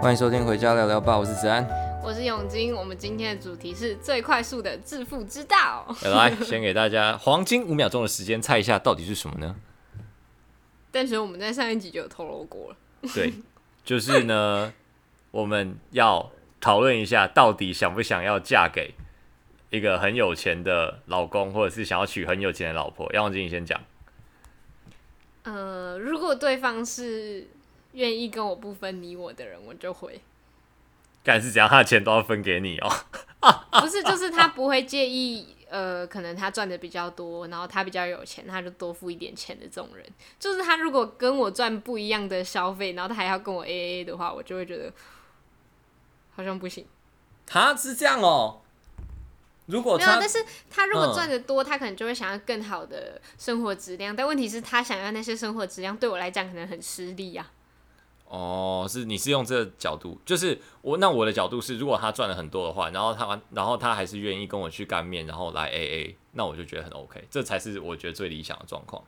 歡迎收聽《回家聊聊吧》，我是子安。我是永金，我們今天的主題是最快速的致富之道哦。 來，先給大家黃金五秒鐘的時間猜一下，到底是什麼呢？但是我們在上一集就有透露過了。 對，就是呢，我們要討論一下，到底想不想要嫁給一個很有錢的老公，或者是想要娶很有錢的老婆？楊永金，你先講。呃，如果對方是。願意跟我不分你我的人，我就會。但是只要他的錢都要分給你哦、喔。 不是，就是他不會介意，啊、呃，可能他賺的比較多，然後他比較有錢，他就多付一點錢的這種人。就是他如果跟我賺不一樣的消費，然後他還要跟我 A A 的話，我就會覺得好像不行。他是這樣哦、喔？如果沒有、啊，但是他如果賺的多，嗯、他可能就會想要更好的生活質量。但問題是，他想要那些生活質量對我來講可能很吃力呀、啊。哦，是你是用這個角度，就是我，那我的角度是，如果他賺了很多的話，然後他然後他還是願意跟我去乾麵，然後來 A A，那我就覺得很 OK，這才是我覺得最理想的狀況。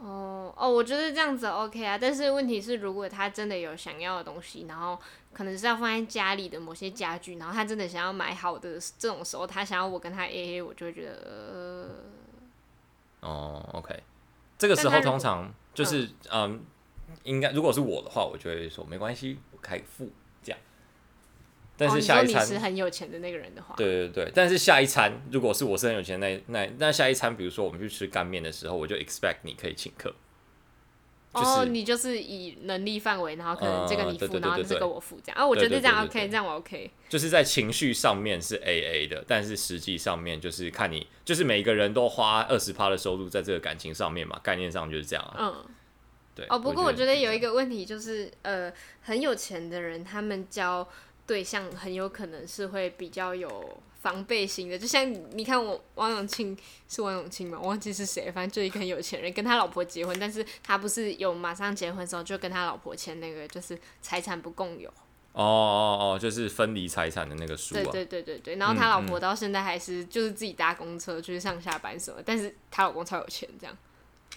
哦哦，我覺得這樣子 OK 啊，但是問題是，如果他真的有想要的東西，然後可能是要放在家裡的某些家具，然後他真的想要買好的這種時候，他想要我跟他 A A，我就會覺得呃。哦，OK，這個時候通常就是嗯。嗯應該如果是我的話，我就會說沒關係，我可以付這樣。但是下一餐，哦、你說你是很有錢的那個人的話，對對對。但是下一餐如果是我是很有錢的那那那下一餐，比如說我們去吃乾麵的時候，我就 expect 你可以請客。就是、哦，你就是以能力範圍，然後可能這個你付，然後這個我付這樣。啊，我覺得這樣 ok，這樣我 OK。就是在情緒上面是 AA 的，但是實際上面就是看你，就是每一個人都花二十趴的收入在這個感情上面嘛，概念上就是這樣啊。嗯。對哦，不過我覺得有一個問題就是，呃，很有錢的人，他們交對象很有可能是會比較有防備心的。就像你看我，我王永慶是王永慶嗎？忘記是誰，反正就一個很有錢人，跟他老婆結婚，但是他不是有馬上結婚的時候就跟他老婆簽那個，就是財產不共有。哦哦哦，就是分離財產的那個書、啊。對對對對對，然後他老婆到現在還是就是自己搭公車、嗯嗯、就是上下班什麼，但是他老公超有錢這樣。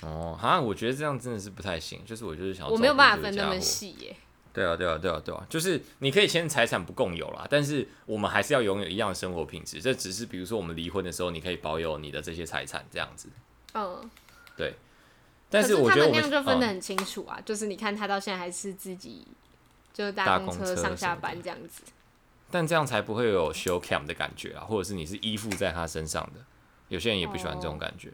哦，哈，我覺得這樣真的是不太行。就是我就是想，我沒有辦法分那麼細耶、欸。對啊，對啊，對啊，對啊，就是你可以簽財產不共有啦，但是我們還是要擁有一樣的生活品質。這只是比如說我們離婚的時候，你可以保有你的這些財產這樣子。嗯、呃，對。但是，我覺得我們是他們那樣就分得很清楚啊，嗯、就是你看他到現在還是自己就搭公車上下班這樣子。但這樣才不會有 show cam 的感覺啊，或者是你是依附在他身上的，有些人也不喜歡這種感覺。哦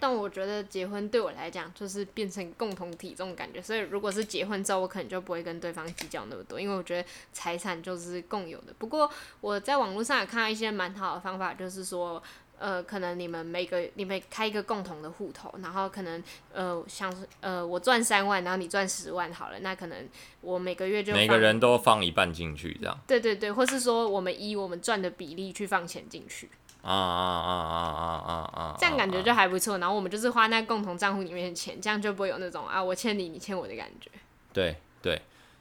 但我覺得結婚對我來講就是變成共同體這種感覺，所以如果是結婚之後，我可能就不會跟對方計較那麼多，因為我覺得財產就是共有的。不過我在網絡上也看到一些蠻好的方法，就是說，呃，可能你們每個你們開一個共同的戶頭，然後可能呃，像是呃，我賺三萬，然後你賺十萬，好了，那可能我每個月就每個人都放一半進去，這樣對對對，或是說我們以我們賺的比例去放錢進去。啊啊啊啊啊啊啊！這樣感覺就還不錯。然後我們就是花在共同賬戶裡面的錢，這樣就不會有那種啊，我欠你，你欠我的感覺。對對，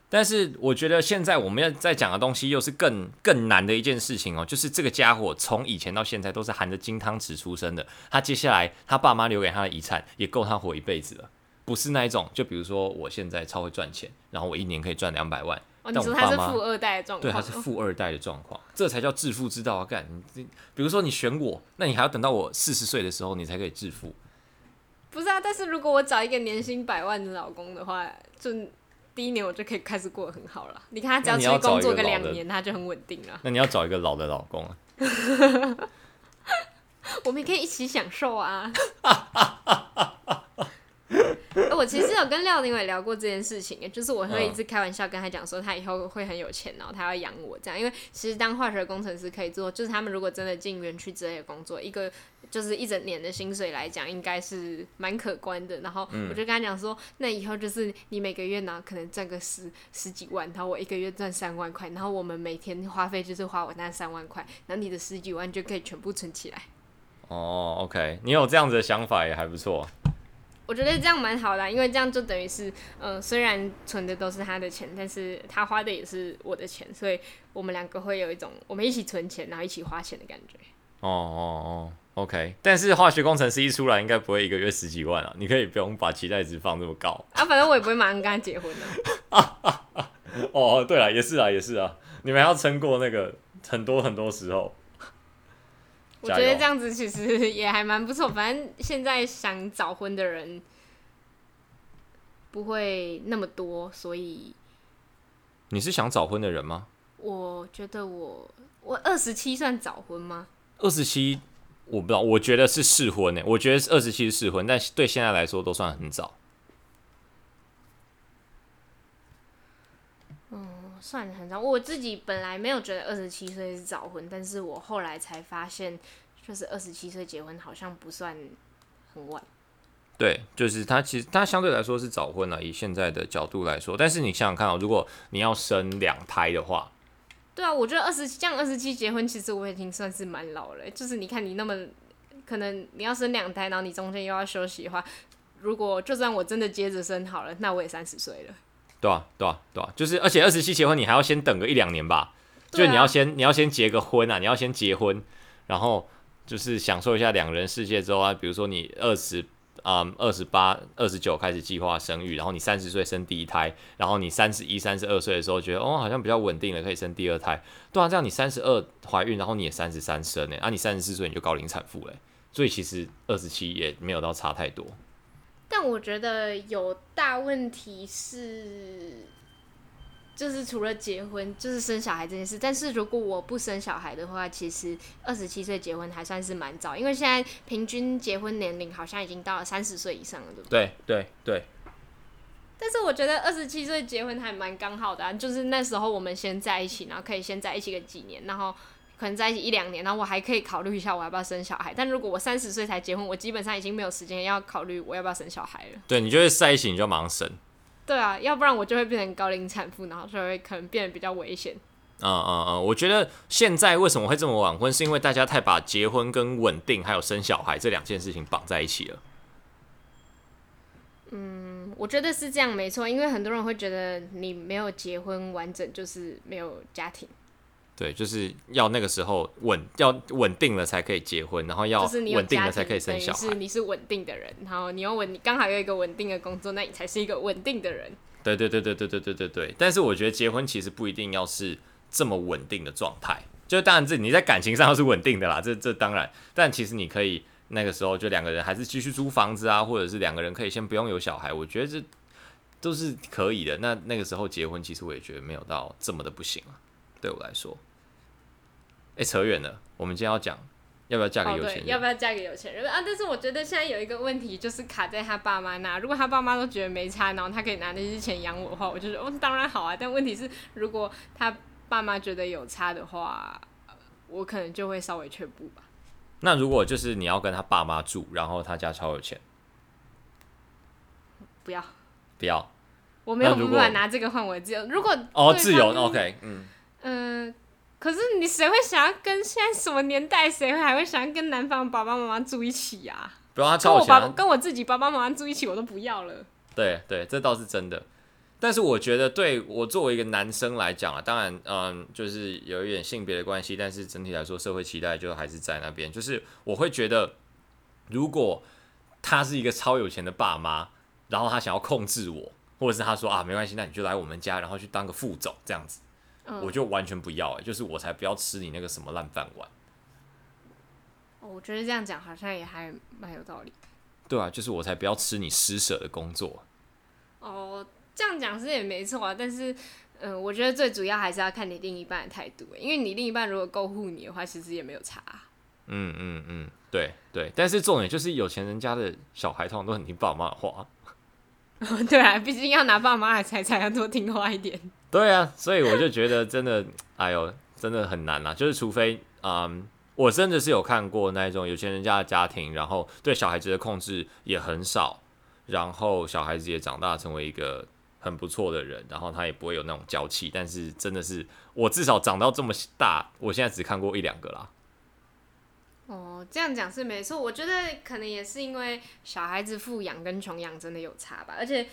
但是我覺得現在我們要再講的東西，又是更更難的一件事情哦。就是這個家伙從以前到現在都是含着金湯匙出生的，他接下來他爸媽留給他的遺產也夠他活一輩子了，不是那一種。就比如說，我現在超會賺錢，然後我一年可以賺兩百萬。但、哦、他是富二代的狀況，對，他是富二代的狀況，哦、這才叫致富之道啊！幹，你，你比如說你選我，那你還要等到我四十歲的時候，你才可以致富。不是啊，但是如果我找一個年薪百萬的老公的話，就第一年我就可以開始過得很好了。你看他只要出去工作個，兩年，個兩年，他就很穩定了。那你要找一個老的老公啊？ 我們可以一起享受啊！ 我其實有跟廖丁偉聊過這件事情，就是我會一直開玩笑跟他講說，他以後會很有錢然後他要養我這樣，因為其實當化學工程師可以做，就是他們如果真的進園區之類的工作，一個就是一整年的薪水來講，應該是蠻可觀的。然後我就跟他講說，嗯，那以後就是你每個月呢，可能賺個十十幾萬，然後我一個月賺三萬塊，然後我們每天花費就是花我那三萬塊，然後你的十幾萬就可以全部存起來。哦，OK，你有這樣子的想法也還不錯。我覺得這樣蠻好的、啊，因為這樣就等於是，嗯、呃，雖然存的都是他的錢，但是他花的也是我的錢，所以我們兩個會有一種我們一起存錢，然後一起花錢的感覺。哦哦哦，OK。但是化學工程師一出來，應該不會一個月十幾萬啊，你可以不用把期待值放這麼高啊。反正我也不會馬上跟他結婚的、啊 啊啊啊啊。哦，對了，也是啊，也是啊，你們要撐過那個很多很多時候。我覺得這樣子其實也還蠻不錯，反正現在想早婚的人不會那麼多，所以你是想早婚的人嗎？我覺得我我二十七算早婚嗎？二十七我不知道，我覺得是適婚呢、欸。我覺得二十七是適婚，但對現在來說都算很早。算很早，我自己本來沒有覺得二十七歲是早婚，但是我後來才發現，就是二十七歲結婚好像不算很晚。對，就是他其實他相對來說是早婚了，以現在的角度來說。但是你想想看啊，喔，如果你要生兩胎的話，對啊，我覺得二十像二十七結婚，其實我已經算是蠻老了，欸。就是你看你那麼可能你要生兩胎，然後你中間又要休息的話，如果就算我真的接着生好了，那我也三十歲了。對啊對啊對啊就是，而且二十七結婚，你還要先等個一兩年吧？啊、就你要先，你要先結個婚啊！你要先結婚，然後就是享受一下兩人世界之後啊。比如說你二十啊，二十八、二十九開始計劃生育，然後你三十歲生第一胎，然後你三十一、三十二歲的時候覺得哦，好像比較穩定了，可以生第二胎。對啊，這樣你三十二懷孕，然後你也三十三生嘞，啊，你三十四歲你就高齡產婦了，所以其實二十七也沒有到差太多。但我覺得有大問題是，就是除了結婚就是生小孩這件事。但是如果我不生小孩的話，其實二十七歲結婚還算是蠻早，因為現在平均結婚年齡好像已經到了三十歲以上了，對不對？對對對。對對但是我覺得二十七歲結婚還蠻剛好的啊，就是那時候我們先在一起，然後可以先在一起個幾年，然後。可能在一起一兩年，然後我還可以考慮一下，我要不要生小孩。但如果我三十歲才結婚，我基本上已經沒有時間要考慮我要不要生小孩了。對，你就會在一起，你就馬上生。對啊，要不然我就會變成高齡產婦，然後就會可能變得比較危險。嗯嗯嗯，我覺得現在為什麼會這麼晚婚，是因為大家太把結婚跟穩定還有生小孩這兩件事情綁在一起了。嗯，我覺得是這樣沒錯，因為很多人會覺得你沒有結婚完整就是沒有家庭。對，就是要那個時候穩，要穩定了才可以結婚，然後要穩定了才可以生小孩。是你，是你是穩定的人，然後你又穩，你剛好有一個穩定的工作，那你才是一個穩定的人。對對對對對對對對對。但是我覺得結婚其實不一定要是這麼穩定的狀態，就是當然這你在感情上是穩定的啦，這這當然。但其實你可以那個時候就兩個人還是繼續租房子啊，或者是兩個人可以先不用有小孩，我覺得這都是可以的。那那個時候結婚，其實我也覺得沒有到這麼的不行啊，對我來說。哎、欸，扯遠了。我們今天要講，要不要嫁給有錢人？要不要嫁給有錢人、哦、要要有錢人啊？但是我覺得現在有一個問題，就是卡在他爸媽那。如果他爸媽都覺得沒差，然後他可以拿那些錢養我的話，我就說哦，當然好啊。但問題是，如果他爸媽覺得有差的話，我可能就會稍微卻步吧。那如果就是你要跟他爸媽住，然後他家超有錢，不要，不要，我沒有辦法拿這個換我、哦、對自由，如果哦自由 OK，嗯嗯。呃可是你誰會想要跟，現在什麼年代？誰會還會想要跟男方爸爸媽媽住一起呀、啊？不他超跟我爸跟我自己爸爸媽媽住一起我都不要了。對對，這倒是真的。但是我覺得，對我作為一個男生來講啊，當然，嗯，就是有一點性別的關係。但是整體來說，社會期待就還是在那邊。就是我會覺得，如果他是一個超有錢的爸媽，然後他想要控制我，或者是他說啊，沒關係，那你就來我們家，然後去當個副總這樣子。嗯、我就完全不要、欸，就是我才不要吃你那個什麼爛飯碗。我覺得這樣講好像也還蠻有道理。對啊，就是我才不要吃你施舍的工作。哦，這樣講是也沒錯啊，但是，嗯、呃，我覺得最主要還是要看你另一半的態度、欸，因為你另一半如果夠護你的話，其實也沒有差、啊嗯。嗯嗯嗯，對對，但是重點就是有錢人家的小孩通常都很聽爸媽的話。 對啊，畢竟要拿爸媽的財產要多聽話一點。對啊，所以我就覺得真的， 哎呦，真的很難啊。就是除非嗯，我真的是有看過那種有錢人家的家庭，然後對小孩子的控制也很少，然後小孩子也長大成為一個很不錯的人，然後他也不會有那種嬌氣。但是真的是，我至少長到這麼大，我現在只看過一兩個啦。哦，這樣講是沒錯。我覺得可能也是因為小孩子富養跟窮養真的有差吧。而且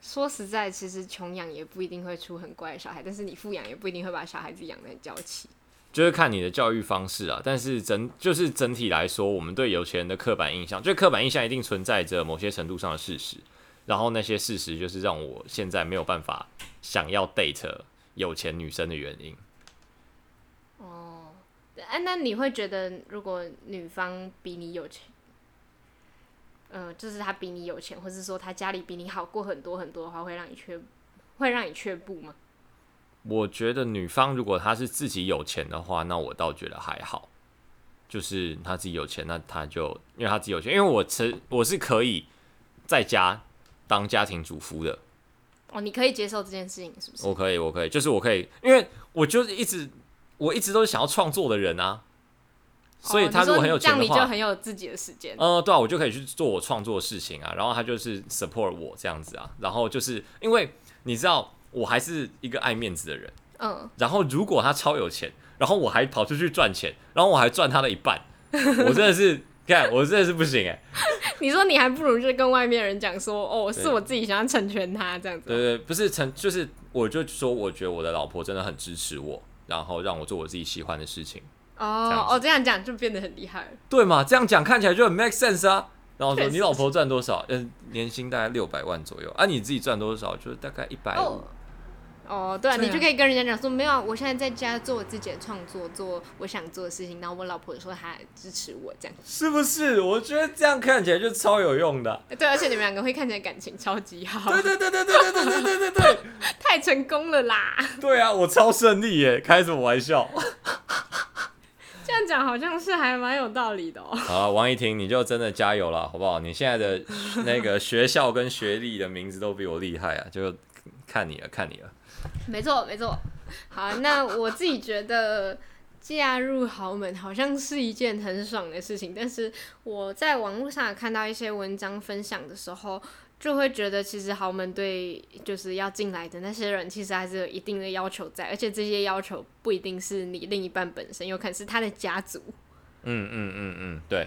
說實在，其實窮養也不一定會出很乖的小孩，但是你富養也不一定會把小孩子養的很嬌氣。就是看你的教育方式啊。但是整就是整體來說，我們對有錢人的刻板印象，就刻板印象一定存在着某些程度上的事實。然後那些事實就是讓我現在沒有辦法想要 date 有錢女生的原因。哎、啊，那你會覺得，如果女方比你有錢，嗯、呃，就是她比你有錢，或是說她家裡比你好過很多很多的話，會讓你卻會讓你卻步嗎？我覺得女方如果她是自己有錢的話，那我倒覺得還好。就是她自己有錢，那她就因為她自己有錢，因為我持我是可以在家當家庭主夫的。哦，你可以接受這件事情，是不是？我可以，我可以，就是我可以，因為我就是一直。我一直都是想要創作的人啊，所以他如果很有錢的話，哦、你說這樣你就很有自己的時間。嗯、呃，對啊，我就可以去做我創作的事情啊。然後他就是 support 我這樣子啊。然後就是因為你知道，我還是一個愛面子的人，嗯。然後如果他超有錢，然後我還跑出去賺錢，然後我還賺他的一半，我真的是 看我真的是不行哎、欸。 你說你還不如就是跟外面人講說，哦，是我自己想要成全他這樣子。對,對對，不是成，就是我就說，我覺得我的老婆真的很支持我。然後讓我做我自己喜歡的事情哦哦，oh, 這樣講，oh, 就變得很厲害，對嘛？這樣講看起來就很 make sense 啊。然後說你老婆賺多少？嗯， 年薪大概六百萬左右，啊，你自己賺多少？就是大概一百。Oh. 哦，對啊，你就可以跟人家講說，沒有啊，我現在在家做我自己的創作，做我想做的事情，然後我老婆說她支持我這樣，是不是？我覺得這樣看起來就超有用的。對，而且你們兩個會看起來感情超級好。對對對對對對對對對對，太成功了啦！對啊，我超勝利耶，開什麼玩笑？這樣講好像是還蠻有道理的哦。好，王怡婷，你就真的加油啦，好不好？你現在的那個學校跟學歷的名字都比我厲害啊，就看你了，看你了。沒錯，沒錯。好，那我自己覺得嫁入豪門好像是一件很爽的事情，但是我在網絡上看到一些文章分享的時候，就會覺得其實豪門對就是要進來的那些人，其實還是有一定的要求在，而且這些要求不一定是你另一半本身，有可能是他的家族。嗯嗯嗯嗯，對。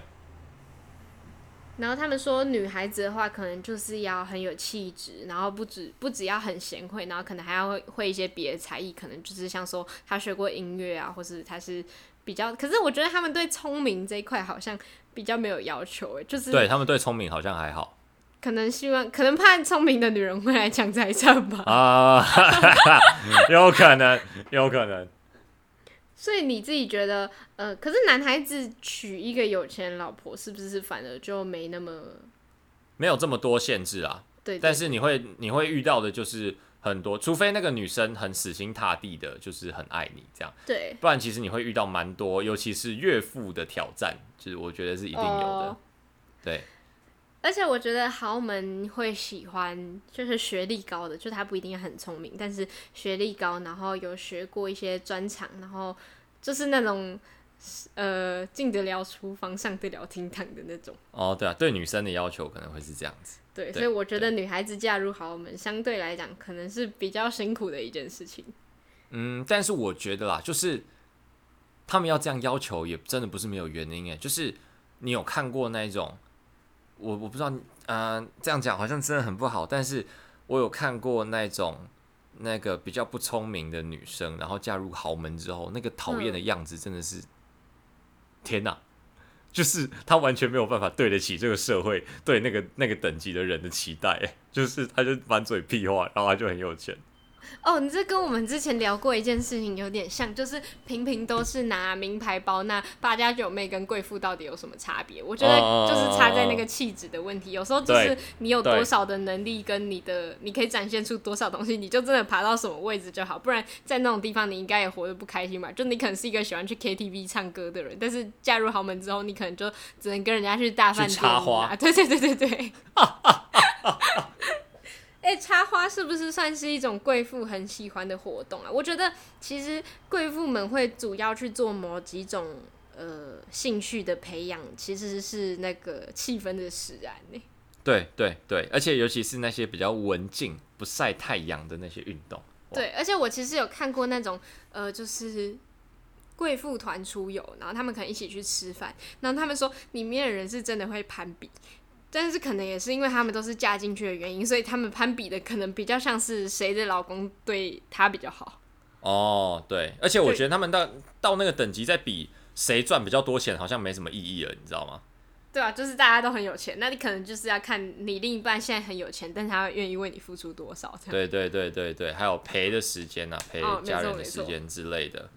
然後他們說，女孩子的話可能就是要很有氣質，然後不只不止要很賢惠，然後可能還要會，會一些別的才藝，可能就是像說她學過音樂啊，或是她是比較，可是我覺得他們對聰明這一塊好像比較沒有要求，哎，就是對他們對聰明好像還好，可能希望，可能怕聰明的女人會來搶財產吧，啊，uh, 有可能，有可能。所以你自己覺得，呃，可是男孩子娶一個有錢老婆，是不是反而就沒那麼沒有這麼多限制啊？對，對，對。但是你會你會遇到的就是很多，除非那個女生很死心塌地的，就是很愛你這樣。對。不然其實你會遇到蠻多，尤其是岳父的挑戰，就是我覺得是一定有的。哦。對。而且我覺得豪門會喜歡，就是學歷高的，就他不一定很聰明，但是學歷高，然後有學過一些專長，然後就是那種，呃，進得了廚房，上得了廳堂的那種。哦，對啊，對女生的要求可能會是這樣子。對，對所以我覺得女孩子嫁入豪門，對相對來講可能是比較辛苦的一件事情。嗯，但是我覺得啦，就是他們要這樣要求，也真的不是沒有原因誒。就是你有看過那種？我我不知道，嗯、呃，這樣講好像真的很不好。但是，我有看過那種那個比較不聰明的女生，然後嫁入豪門之後，那個討厭的樣子真的是，嗯、天哪！就是她完全沒有辦法對得起這個社會對那個那個等級的人的期待，就是她就滿嘴屁話，然後她就很有錢。哦，你這跟我們之前聊過一件事情有點像，就是平平都是拿名牌包。那八家九妹跟貴婦到底有什麼差別？我覺得就是差在那個氣質的問題。呃、有時候就是你有多少的能力，跟你的你可以展現出多少東西，你就真的爬到什麼位置就好。不然在那種地方，你應該也活得不開心嘛。就你可能是一個喜歡去 KTV 唱歌的人，但是嫁入豪門之後，你可能就只能跟人家去大飯店插花。對對對對對。 欸，插花是不是算是一種貴婦很喜歡的活動啊？我覺得其實貴婦們會主要去做某幾種呃興趣的培養，其實是那個氣氛的使然呢、欸。對對對，而且尤其是那些比較文靜、不曬太陽的那些運動。對，而且我其實有看過那種呃，就是貴婦團出遊，然後他們可能一起去吃飯，然後他們說裡面的人是真的會攀比。但是可能也是因為他們都是嫁進去的原因，所以他們攀比的可能比較像是誰的老公對她比較好。哦，對，而且我覺得他們到對到那個等級再比誰賺比較多錢，好像沒什麼意義了，你知道嗎？對啊，就是大家都很有錢，那你可能就是要看你另一半現在很有錢，但是他願意為你付出多少。對對對對對，還有陪的時間啊，陪家人的時間之類的。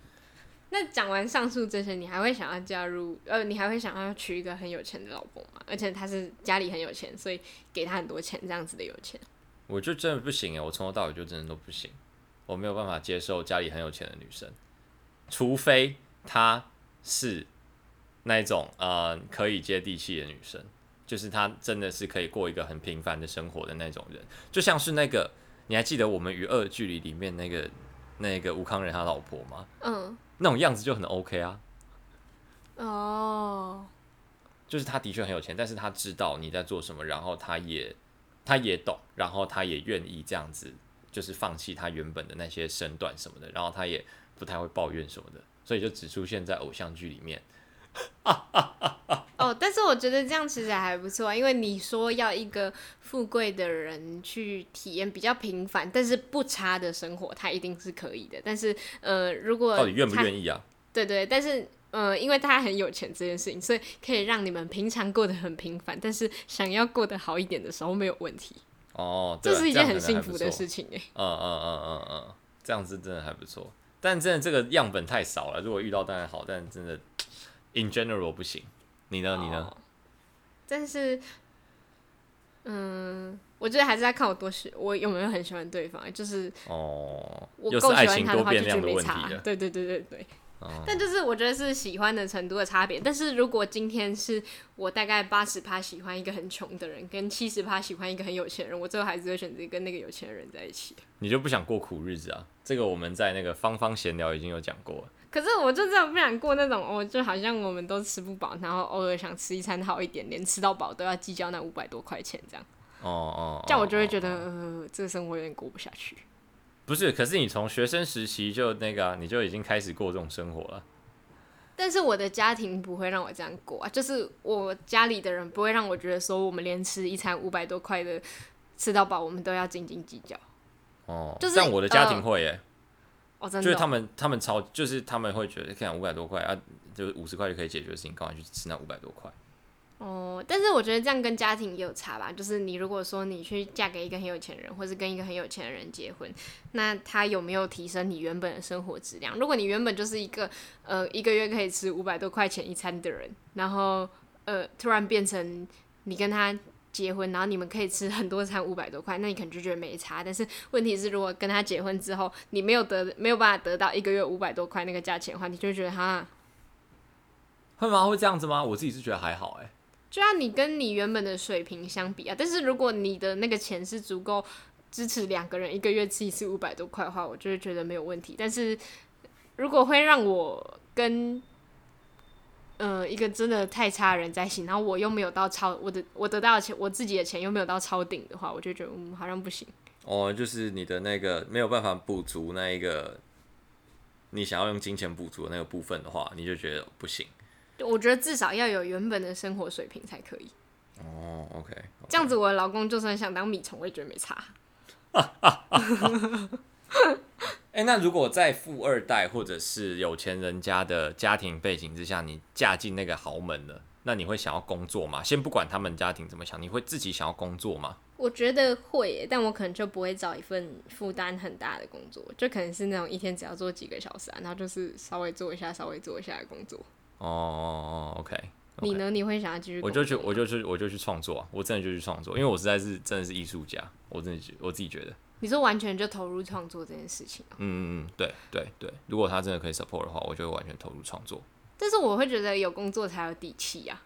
那講完上述這些，你還會想要加入？呃，你還會想要娶一個很有錢的老婆嗎？而且他是家裡很有錢，所以給他很多錢，這樣子的有錢，我就真的不行哎！我從頭到尾就真的都不行，我沒有辦法接受家裡很有錢的女生，除非她是那種呃可以接地氣的女生，就是她真的是可以過一個很平凡的生活的那種人，就像是那個你還記得我們《與惡的距離》裡面那個那個吳慷仁他老婆嗎？嗯。那種樣子就很 OK 啊，哦，就是他的確很有錢，但是他知道你在做什麼，然後他也他也懂，然後他也願意這樣子，就是放棄他原本的那些身段什麼的，然後他也不太會抱怨什麼的，所以就只出現在偶像劇裡面。啊啊但是我覺得這樣其實還不錯啊，因為你說要一個富貴的人去體驗比較平凡，但是不差的生活，他一定是可以的。但是，呃，如果到底願不願意啊？對對，但是，呃，因為他很有錢這件事情，所以可以讓你們平常過得很平凡，但是想要過得好一點的時候沒有問題。哦，對這是一件很幸福的事情，欸，哎。嗯嗯嗯嗯嗯，這樣子真的還不錯。但真的這個樣本太少了，如果遇到當然好，但真的 in general 不行。你呢？Oh, 你呢？但是，嗯，我覺得還是在看我多喜，我有沒有很喜歡對方，就是哦，oh, 我夠喜歡他的話又是愛情多變量的問題的就沒差，對對對對對。Oh. 但就是我覺得是喜歡的程度的差別。但是如果今天是我大概八十趴喜歡一個很窮的人，跟七十趴喜歡一個很有錢的人，我最後還是會選擇跟那個有錢的人在一起。你就不想過苦日子啊？這個我們在那個方方閒聊已經有講過了。可是我真的不想過那種，我、哦、就好像我們都吃不飽，然後偶爾想吃一餐好一點，連吃到飽都要計較那五百多塊錢這樣。哦哦，哦這樣我就會覺得、哦哦呃、這個生活有點過不下去。不是，可是你從學生時期就那個、啊，你就已經開始過這種生活了。但是我的家庭不會讓我這樣過啊，就是我家裡的人不會讓我覺得說，我們連吃一餐五百多塊的吃到飽，我們都要斤斤計較。哦，就是像我的家庭會耶。呃哦真的哦，就是他們，他們超就是他們會覺得，看五百多塊啊，就五十塊就可以解決的事情，幹嘛去吃那五百多塊？哦，但是我覺得這樣跟家庭也有差吧。就是你如果說你去嫁給一個很有錢人，或是跟一個很有錢的人結婚，那他有沒有提升你原本的生活質量？如果你原本就是一個呃一個月可以吃五百多塊錢一餐的人，然後呃突然變成你跟他。結婚，然後你們可以吃很多餐五百多塊，那你可能就覺得沒差。但是問題是，如果跟他結婚之後，你沒有得沒有辦法得到一個月五百多塊那個價錢的話，你就覺得哈，會嗎？會這樣子嗎？我自己是覺得還好、欸，哎，就要你跟你原本的水平相比啊。但是如果你的那個錢是足夠支持兩個人一個月吃一次五百多塊的話，我就是覺得沒有問題。但是如果會讓我跟嗯、呃，一個真的太差的人在行，然後我又沒有到超我的，我得到的錢，我自己的錢又沒有到超頂的話，我就覺得嗯好像不行。哦，oh, 就是你的那個沒有辦法補足那一個，你想要用金錢補足的那個部分的話，你就覺得不行。我覺得至少要有原本的生活水平才可以。哦、oh,，OK，, okay. 這樣子我的老公就算想當米蟲，我也覺得沒差。 哎、欸，那如果在富二代或者是有錢人家的家庭背景之下，你嫁進那個豪門了，那你會想要工作嗎？先不管他們家庭怎麼想，你會自己想要工作嗎？我覺得會耶，但我可能就不會找一份負擔很大的工作，就可能是那種一天只要做幾個小時、啊，然後就是稍微做一下、稍微做一下的工作。哦哦哦，OK, okay。你呢？你會想要繼續？我就去，我就去，我就去創作啊！我真的就去創作，因為我實在是真的是藝術家，我自己覺我自己覺得。你說完全就投入創作這件事情？嗯、啊、嗯嗯，對對對，如果他真的可以 support 的話，我就會完全投入創作。但是我會覺得有工作才有底氣呀、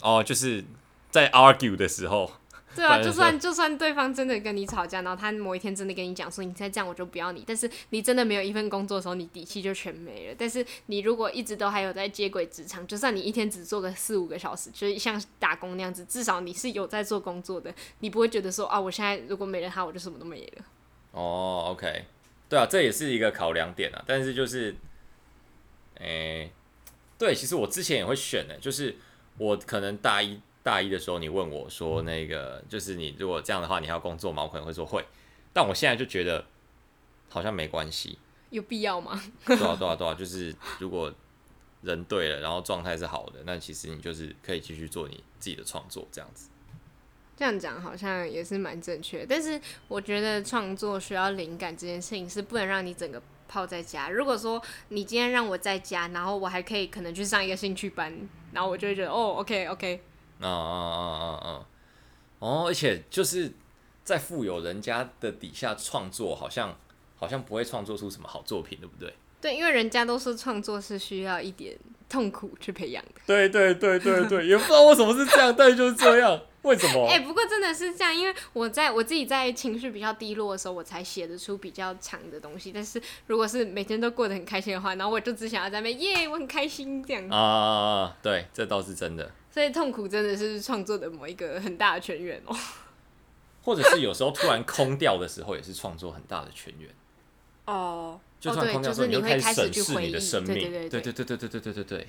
啊。哦，就是在 argue 的時候。對啊，就算就算對方真的跟你吵架，然後他某一天真的跟你講說你再這樣我就不要你，但是你真的沒有一份工作的時候，你底氣就全沒了。但是你如果一直都還有在接軌職場，就算你一天只做個四五個小時，就是像打工那樣子，至少你是有在做工作的，你不會覺得說啊我現在如果沒了他，我就什麼都沒了。哦、oh,，OK，對啊，這也是一個考量點啊。但是就是，誒，對，其實我之前也會選的、欸，就是我可能大一。大一的時候，你問我說：“那個就是你如果這樣的話，你還要工作嗎？”我可能會說會，但我現在就覺得好像沒關係。有必要嗎？對啊對啊對啊。就是如果人對了，然後狀態是好的，那其實你就是可以繼續做你自己的創作。這樣子，這樣講好像也是蠻正確的。但是我覺得創作需要靈感這件事情是不能讓你整個泡在家。如果說你今天讓我在家，然後我還可以可能去上一個興趣班，然後我就會覺得哦，OK，OK。Okay, okay 啊啊啊啊哦，而且就是在富有人家的底下創作，好像好像不會創作出什麼好作品，對不對？對，因為人家都說創作是需要一點痛苦去培養的。對對對對對，也不知道為什麼是這樣， 但就是這樣，為什麼？哎、欸，不過真的是這樣，因為我在我自己在情緒比較低落的時候，我才寫得出比較強的東西。但是如果是每天都過得很開心的話，然後我就只想要在那邊耶，我很開心這樣。啊！對，這倒是真的。所以痛苦真的是創作的某一個很大的泉源哦，或者是有時候突然空掉的時候，也是創作很大的泉源哦。就算空掉的時候，你會開始去回憶，對對對對對對對對對對。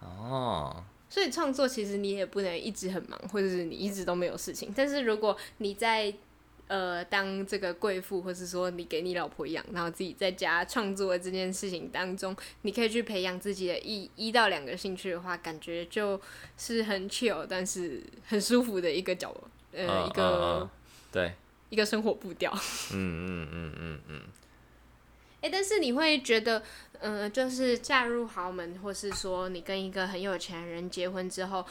哦，所以創作其實你也不能一直很忙，或者是你一直都沒有事情。但是如果你在呃，當這個貴婦，或是說你給你老婆養，然後自己在家創作的這件事情當中，你可以去培養自己的一一到兩個興趣的話，感覺就是很 chill，但是很舒服的一個角，呃，一個 uh, uh, uh. 對。一個生活步調。嗯嗯嗯嗯嗯。哎、嗯嗯嗯嗯欸，但是你會覺得，呃，就是嫁入豪門，或是說你跟一個很有錢人結婚之後，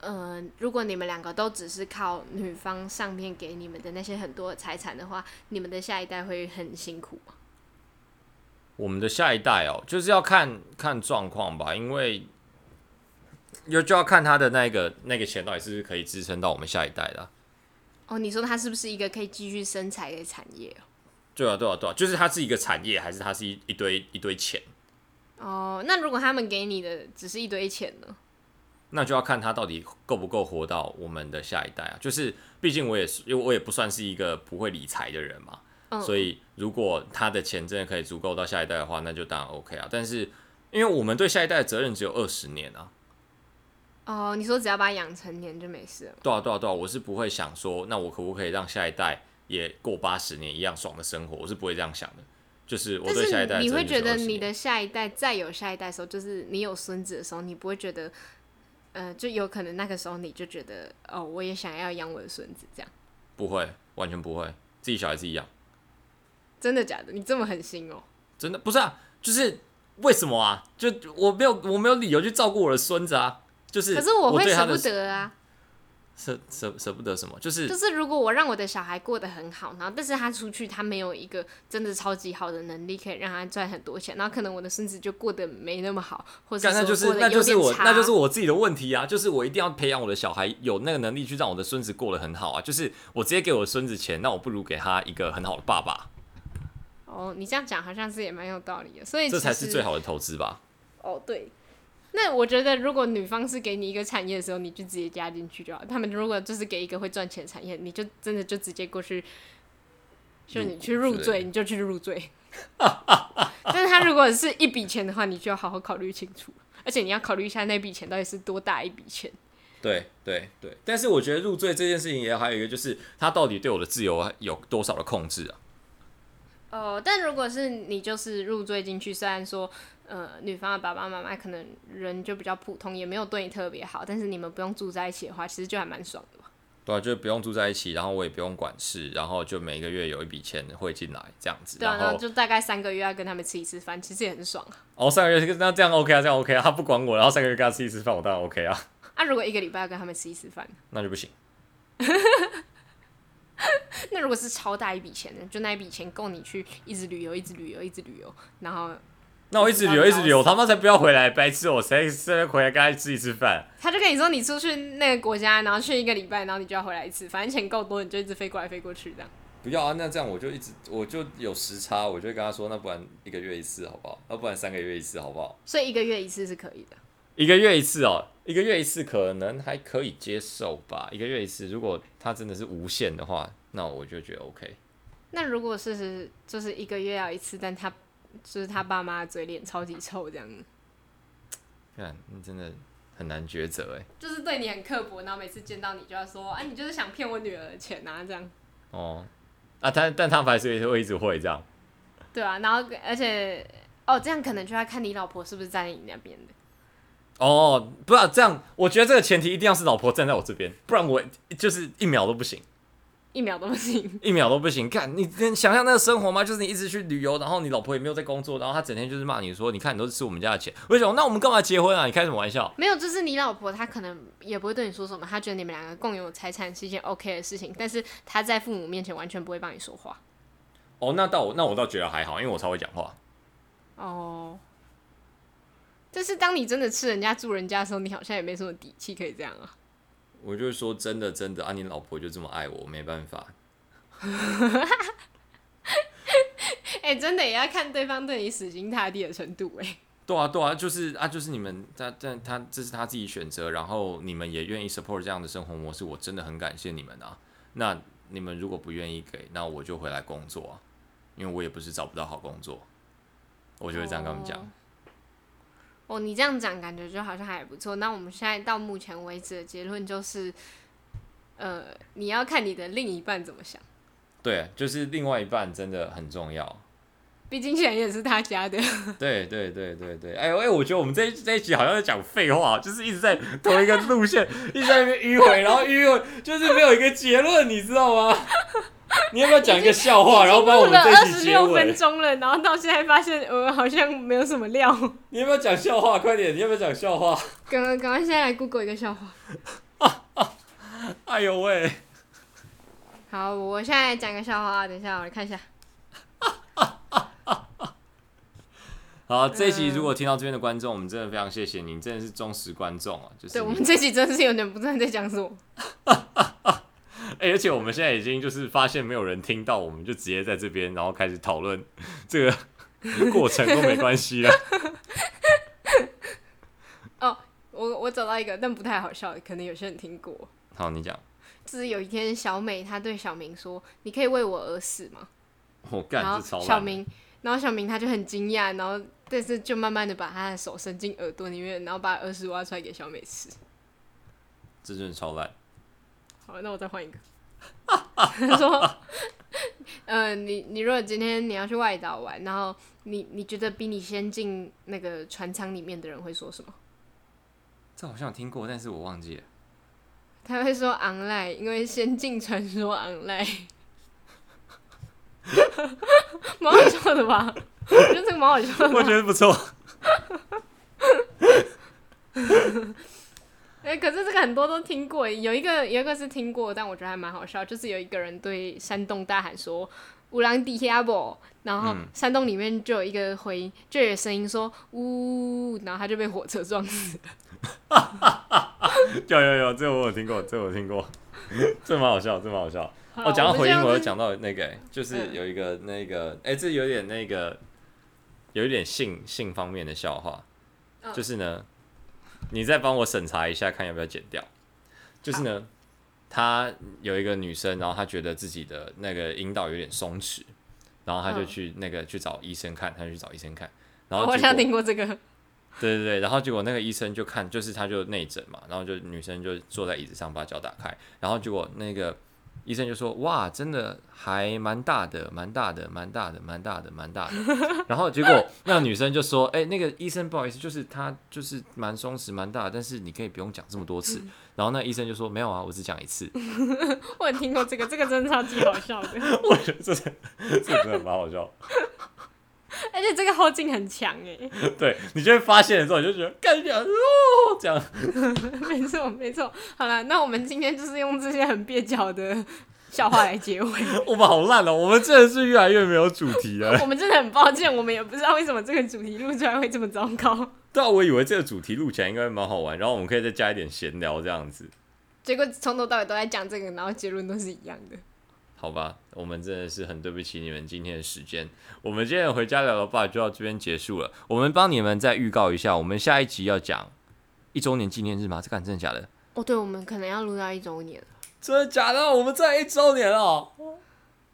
嗯、呃，如果你們兩個都只是靠女方上面給你們的那些很多財產的話，你們的下一代會很辛苦嗎？我們的下一代哦，就是要看看狀況吧，因為又就要看他的那個那個錢到底是不是可以支撐到我們下一代的啊。哦，你說他是不是一個可以繼續生財的產業啊？對啊，對啊，對啊，就是它是一個產業，還是它是一一堆一堆錢？哦，那如果他們給你的只是一堆錢呢？那就要看他到底夠不夠活到我們的下一代啊！就是，畢竟我也是，因為我也不算是一個不會理財的人嘛，嗯、所以如果他的錢真的可以足夠到下一代的話，那就當然 OK 啊。但是，因為我們對下一代的責任只有二十年啊。哦，你說只要把他養成年就沒事了。對啊，對啊，對啊，我是不會想說，那我可不可以讓下一代也過八十年一樣爽的生活？我是不會這樣想的。就是，我對下一代的責任，你會覺得你的下一代再有下一代的時候，就是你有孫子的時候，你不會覺得？呃，就有可能那個時候你就覺得，哦，我也想要養我的孫子這樣。不會，完全不會，自己小孩自己養。真的假的？你這麼狠心哦？真的不是啊，就是為什麼啊？就我沒有我沒有理由去照顧我的孫子啊，就是可是我會捨不得啊。捨捨捨不得什麼？就是就是，如果我讓我的小孩過得很好，然後，但是他出去，他沒有一個真的超級好的能力，可以讓他賺很多錢，那可能我的孫子就過得沒那麼好。或者剛剛就是那就是我那就是我自己的問題啊！就是我一定要培養我的小孩有那個能力，去讓我的孫子過得很好啊！就是我直接給我孫子錢，那我不如給他一個很好的爸爸。哦，你這樣講好像是也蠻有道理的，所以、就是、這才是最好的投資吧？哦，對。那我覺得，如果女方是給你一個產業的時候，你就直接加進去就好。他們如果就是給一個會賺錢的產業，你就真的就直接過去，就你去入贅，入你就去入贅。但是，他如果是一筆錢的話，你就要好好考慮清楚，而且你要考慮一下那筆錢到底是多大一筆錢。對對對，但是我覺得入贅這件事情也還有一個，就是他到底對我的自由有多少的控制啊？哦、呃，但如果是你就是入贅進去，雖然說。呃，女方的爸爸媽媽可能人就比較普通，也沒有對你特別好，但是你們不用住在一起的話，其實就還蠻爽的嘛。對、啊，就不用住在一起，然後我也不用管事，然後就每個月有一筆錢會進來，這樣子，然後就大概三個月要跟他們吃一次飯，其實也很爽。啊、哦，三個月那這樣 OK 啊，這樣 OK 啊，他不管我，然後三個月跟他吃一次飯，我當然 OK 啊。那、啊、如果一個禮拜要跟他們吃一次飯，那就不行。 那如果是超大一筆錢呢？就那一筆錢供你去一直旅遊，一直旅遊，一直旅遊，然後。那我一直留，嗯、一直留，老實，我他媽才不要回來，白痴！我誰誰回來跟他吃一次飯？他就跟你說，你出去那個國家，然後去一個禮拜，然後你就要回來一次，反正錢夠多，你就一直飛過來飛過去這樣。不要啊！那這樣我就一直我就有時差，我就跟他說，那不然一個月一次好不好？那不然三個月一次好不好？所以一個月一次是可以的。一個月一次哦，一個月一次可能還可以接受吧。一個月一次，如果他真的是無限的話，那我就覺得 OK。那如果事實就是一個月要一次，但他。就是他爸媽嘴臉超級臭這樣子，你真的很難抉擇哎。就是對你很刻薄，然後每次見到你就要說，哎、啊，你就是想騙我女兒的錢吶、啊、這樣。哦，啊，但但他們還是會一直會這樣。對啊，然後而且，哦，這樣可能就要看你老婆是不是站在你那邊的。哦，不知道這樣，我覺得這個前提一定要是老婆站在我這邊，不然我就是一秒都不行。一秒， 一秒都不行，一秒都不行。看你能想象那個生活嗎？就是你一直去旅遊，然後你老婆也沒有在工作，然後她整天就是罵你說：“你看你都是吃我們家的錢。”我就想，那我們幹嘛結婚啊？你開什麼玩笑？沒有，就是你老婆她可能也不會對你說什麼，她覺得你們兩個共有財產是一件 OK 的事情，但是她在父母面前完全不會幫你說話。哦，那倒，那我倒覺得還好，因為我超會講話。哦，但是當你真的吃人家住人家的時候，你好像也沒什麼底氣可以這樣啊。我就說真的，真的啊！你老婆就這麼愛我，沒辦法。哎、 欸，真的也要看對方對你死心塌地的程度哎、欸。對啊，對啊，就是啊，就是你們他他，他這是他自己選擇，然後你們也願意 support 這樣的生活模式，我真的很感謝你們啊。那你們如果不願意給，那我就回來工作，啊，因為我也不是找不到好工作。我就會這樣跟你們講。哦哦，你這樣講感覺就好像還不錯。那我們現在到目前為止的結論就是，呃，你要看你的另一半怎麼想。對，就是另外一半真的很重要。畢竟錢也是他家的。對對對對對，哎呦哎，我覺得我們這一集好像在講廢話，就是一直在同一個路線，對一直在一邊迂回， 然後迂回就是沒有一個結論， 你知道嗎？ 你要不要講一個笑話？許然後把我們的二十六分鐘了，然後到現在發現我們好像沒有什麼料。 你要不要講笑話？快點！你要不要講笑話？剛剛剛剛現在來 Google 一個笑話。 啊啊、哎呦喂！好，我現在講個笑話啊！等一下，我來看一下。 好，這一集如果聽到這邊的觀眾，我們真的非常謝謝您，呃、真的是忠實觀眾啊！就是對，我們這集真的是有點不知道在講什麼。 欸、而且我們現在已經就是發現沒有人聽到，我們就直接在這邊，然後開始討論這個過程都沒關係了。 哦，我我找到一個，但不太好笑，可能有些人聽過。好，你講。就是有一天，小美她對小明說：“你可以為我而死嗎？”我幹、哦，這超爛。小明，然後小明他就很驚訝，然後但是就慢慢的把他的手伸進耳朵裡面，然後把耳屎挖出來給小美吃。這真的超爛。那我再換一個。他、啊、 說：“啊、呃，你你如果今天你要去外島玩，然後你你覺得比你先進那個船艙裡面的人會說什麼？”這好像有聽過，但是我忘記了。他會說 “online”，因為《先進傳說》online。蠻 好笑的吧？我覺得這個蠻好笑的。我覺得不錯。 哎、欸，可是這個很多都聽過，有一個有一個是聽過，但我覺得還蠻好笑。就是有一個人對山洞大喊說“烏朗迪亞布”，然後山洞裡面就有一個回音，就有聲音說“嗚”，然後他就被火車撞死了。 有有有，這個我有聽過，這個我聽過， 這蠻好笑，這蠻、個、好笑。好啦哦，講到回音，我要講到那個，就，就是有一個那一個，哎、嗯欸，這有點那個，有一點性性方面的笑話，嗯、就是呢。嗯你再幫我審查一下，看要不要剪掉。就是呢，好她有一個女生，然後她覺得自己的那個陰道有點鬆弛，然後她就去那個去找醫生看，她就去找醫生看。然後哦，我好像聽過這個。對對對，然後結果那個醫生就看，就是她就內診嘛，然後就女生就坐在椅子上把腳打開，然後結果那個。醫生就說：“哇，真的還蠻大的，蠻大的，蠻大的，蠻大的，蠻大的。大的”然後結果那個、女生就說：“哎、欸，那個醫生不好意思，就是他就是蠻鬆弛，蠻大的，但是你可以不用講這麼多次。”然後那個醫生就說：“沒有啊，我只講一次。” 我聽過這個，這個真的超級好笑的。 我覺得這這個真的蠻好笑。而且這個後勁很強誒、欸，對你就會發現的時候，你就覺得干覺哦這樣 沒。沒錯沒錯，好了，那我們今天就是用這些很蹩腳的笑話來結尾。 我們好爛哦、喔，我們真的是越來越沒有主題了。 我們真的很抱歉，我們也不知道為什麼這個主題錄出來會這麼糟糕。對啊，我以為這個主題錄起來應該蠻好玩，然後我們可以再加一點閒聊這樣子。結果從頭到尾都在講這個，然後結論都是一樣的。好吧，我們真的是很對不起你們今天的時間。我們今天回家聊的話就到這邊結束了。我們幫你們再預告一下，我們下一集要講一周年紀念日嗎？這個很真的假的？哦，對，我們可能要錄到一周年，真的假的？我們再一周年哦。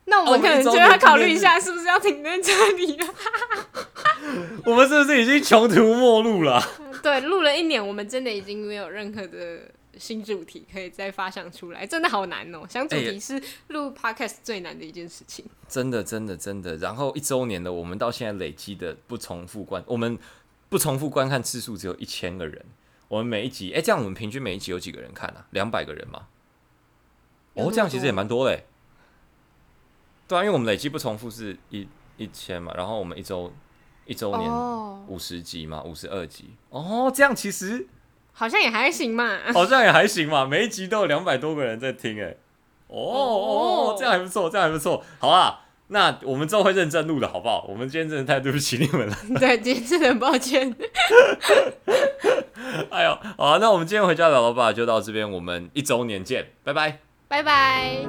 那我們可能就要考慮一下，是不是要停在這裡了？ 我們是不是已經窮途末路了？對，錄了一年，我們真的已經沒有任何的。新主題可以再發想出來，真的好難哦！想主題是錄 Podcast、欸、最難的一件事情，真的真的真的。然後一周年的我們到現在累積的不重複觀，我們不重複觀看次數只有一千個人。我們每一集，哎、欸，這樣我們平均每一集有幾個人看啊？兩百個人嘛？哦，多多這樣其實也蠻多嘞。對啊，因為我們累積不重複是一一千嘛，然後我們一周一周年五十集嘛，五十二集。哦，這樣其實。好像也還行嘛，好像也還行嘛，每一集都有兩百多個人在聽哎，哦、oh, 哦、oh.，這樣還不錯，這樣還不錯，好啊，那我們之後會認真錄的好不好？我們今天真的太對不起你們了， 對，今天真的很抱歉。 哎呦，好啊，那我們今天回家的爸爸就到這邊，我們一周年見，拜拜，拜拜。